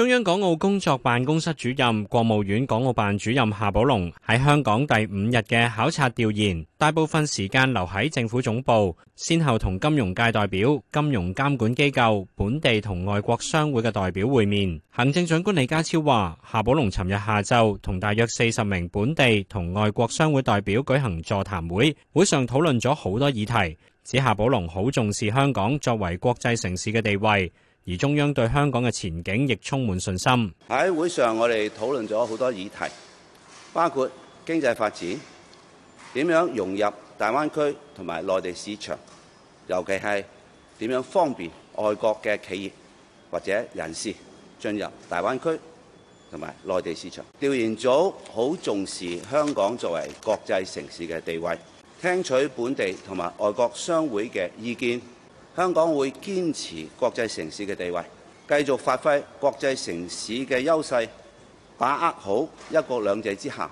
中央港澳工作辦公室主任、國務院港澳辦主任夏寶龍喺香港第五日嘅考察調研，大部分時間留喺政府總部，先後同金融界代表、金融監管機構、本地同外國商會嘅代表會面。行政長官李家超話，夏寶龍尋日下晝同大約四十名本地同外國商會代表舉行座談會，會上討論咗好多議題，指夏寶龍好重視香港作為國際城市嘅地位。而中央對香港嘅前景亦充滿信心。喺會上，我哋討論咗好多議題，包括經濟發展點樣融入大灣區同埋內地市場，尤其係點樣方便外國嘅企業或者人士進入大灣區同埋內地市場。調研組好重視香港作為國際城市嘅地位，聽取本地同埋外國商會嘅意見。香港會堅持國際城市嘅地位，繼續發揮國際城市嘅優勢，把握好一國兩制之下，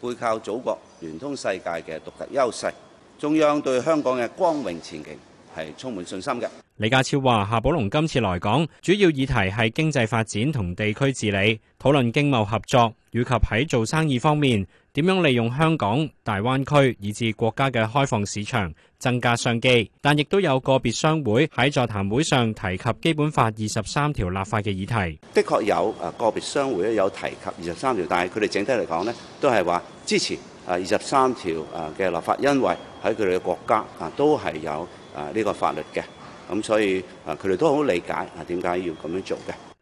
背靠祖國、聯通世界嘅獨特優勢。中央對香港嘅光明前景係充滿信心嘅。李家超話，夏寶龍今次來港，主要議題係經濟發展同地區治理，討論經貿合作以及喺做生意方面，點樣利用香港、大灣區以至國家嘅開放市場，增加商機？但亦都有個別商會喺座談會上提及《基本法》二十三條立法嘅議題。的確有啊，個別商會咧有提及二十三條，但係佢哋整體嚟講呢，都係話支持啊二十三條啊嘅立法，因為喺佢哋嘅國家啊都係有啊呢個法律嘅，咁所以啊佢哋都好理解啊點解要咁樣做嘅。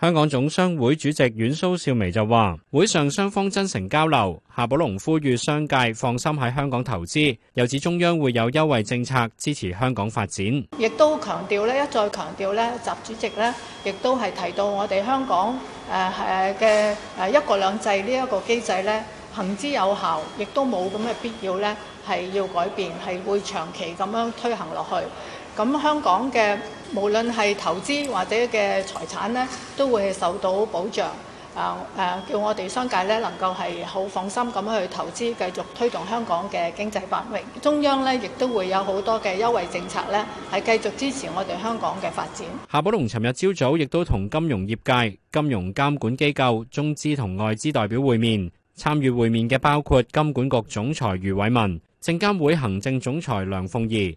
香港總商會主席阮蘇少湄就話：會上雙方真誠交流，夏寶龍呼籲商界放心喺香港投資，又指中央會有優惠政策支持香港發展。亦都強調咧，一再強調咧，習主席咧，亦都係提到我哋香港誒嘅誒一國兩制呢一個機制咧，行之有效，亦都冇咁嘅必要咧係要改變，係會長期咁樣推行落去。咁香港嘅無論係投資或者嘅財產咧，都會係受到保障。啊誒，叫我哋商界咧能夠係好放心咁去投資，繼續推動香港嘅經濟繁榮。中央咧亦都會有好多嘅優惠政策咧，係繼續支持我哋香港嘅發展。夏寶龍尋日朝早亦都同金融業界、金融監管機構、中資同外資代表會面。參與會面嘅包括金管局總裁余偉文、證監會行政總裁梁鳳儀。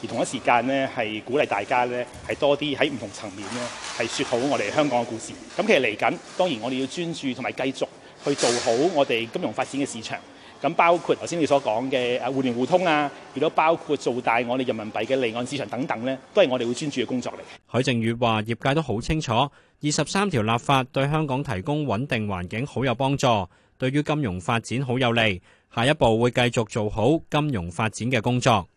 而同一時間呢，係鼓勵大家呢，係多啲喺唔同層面呢，係説好我哋香港嘅故事。咁其實嚟緊，當然我哋要專注同埋繼續去做好我哋金融發展嘅市場。咁包括頭先你所講嘅互聯互通啊，亦都包括做大我哋人民幣嘅離岸市場等等呢，都係我哋會專注嘅工作嚟。許正宇話：業界都好清楚，二十三條立法對香港提供穩定環境好有幫助，對於金融發展好有利。下一步會繼續做好金融發展嘅工作。